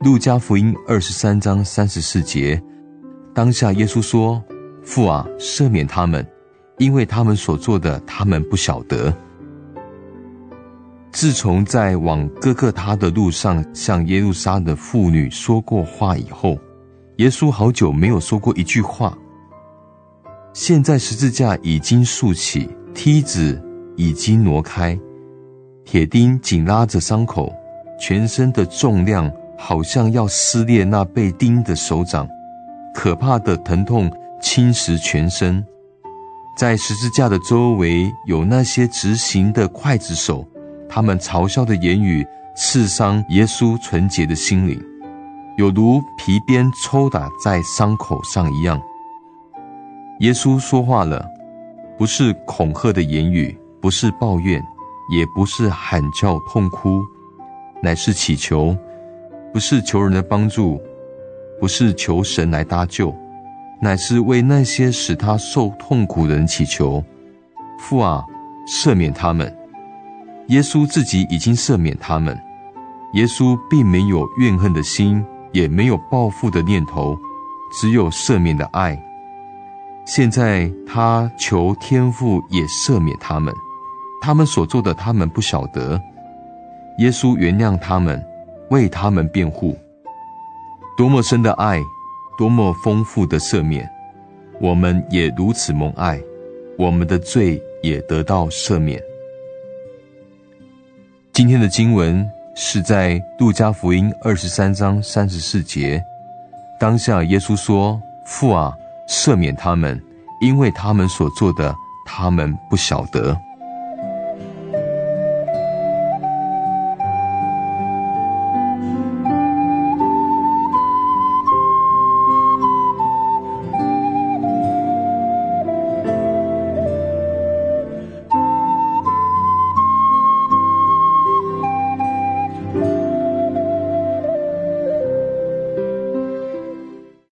路加福音二十三章三十四節，當下耶穌說：“父啊，赦免他們，因為他們所做的，他們不曉得。”自從在往各各他的路上向耶路撒冷的婦女說過話以後，耶穌好久沒有說過一句話。現在十字架已經豎起，梯子已經挪開。鐵釘緊拉着傷口，全身的重量好像要撕裂那被釘的手掌，可怕的疼痛侵蝕全身。在十字架的周圍，有那些執行的劊子手，他們嘲笑的言語刺傷耶穌純潔的心靈，有如皮鞭抽打在傷口上一樣。耶穌說話了，不是恐嚇的言語，不是抱怨。也不是喊叫痛哭，乃是祈求；不是求人的幫助，不是求神來搭救，乃是為那些使他受痛苦的人祈求。父啊，赦免他們！耶穌自己已經赦免他們，耶穌並沒有怨恨的心，也沒有報復的念頭，只有赦免的愛。現在他求天父也赦免他們。他們所做的，他們不曉得。耶穌原諒他們，為他們辯護。多麼深的愛，多麼豐富的赦免！我們也如此蒙愛，我們的罪也得到赦免。今天的經文是在路加福音二十三章三十四節。當下耶穌說：“父啊，赦免他們，因為他們所做的，他們不曉得。”